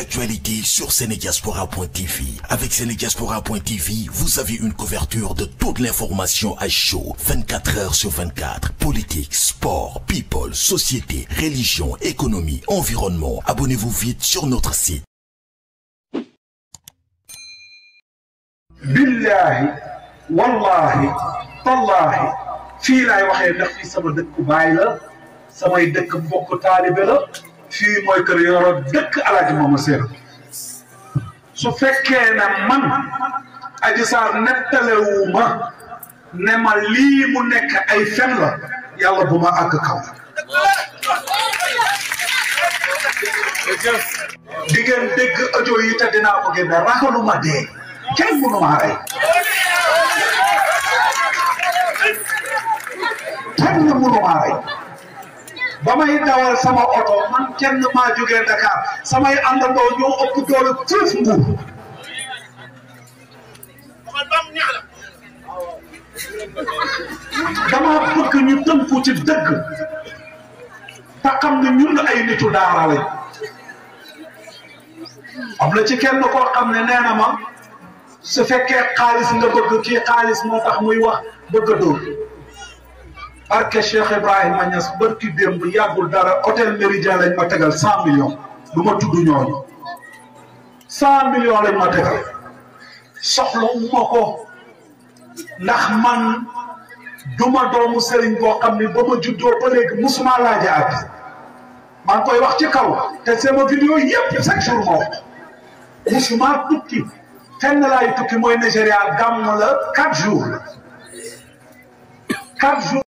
Actualité sur Senegaspora.tv. Avec Senegaspora.tv, vous avez une couverture de toute l'information à chaud, 24 heures sur 24. Politique, sport, people, société, religion, économie, environnement. Abonnez-vous vite sur notre site. fii mooy kër yoro dëkk alaaji mooma seen su fekkee ne man aji saar nettalewuma ne ma lii nekk ay fen la yàlla bu ma kaw di ngeen dégg audio yi te dinaa ko dee kenn mënu maa rey kenn mënu maa rey ba may dawal sama oto man kenn maa jóge Dakar samay àndandoo ñoo ëpp doole fuuf mbuur dama bëgg ñu tënku ci dëgg te xam ne ñun ay nitu daara lañ am na ci kenn koo xam ne nee na ma su fekkee xaalis nga bëgg kii xaalis moo tax muy wax bëgg dóor barke Cheikh Ibrahima Niass barki démb yàggul dara hôtel Méridien lañ ma tegal cent millions du ma tudd ñooñu million millions lañ ma tegal soxlawuma ko ndax man duma doomu sëriñ boo xam ne ba ma juddoo ba léegi musuma laaja at maa ngi koy wax ci kaw te sama vidéo yëpp chaque jour moo musuma tukki fenn laay tukki mooy Nigéria gàmm la quatre jours quatre jours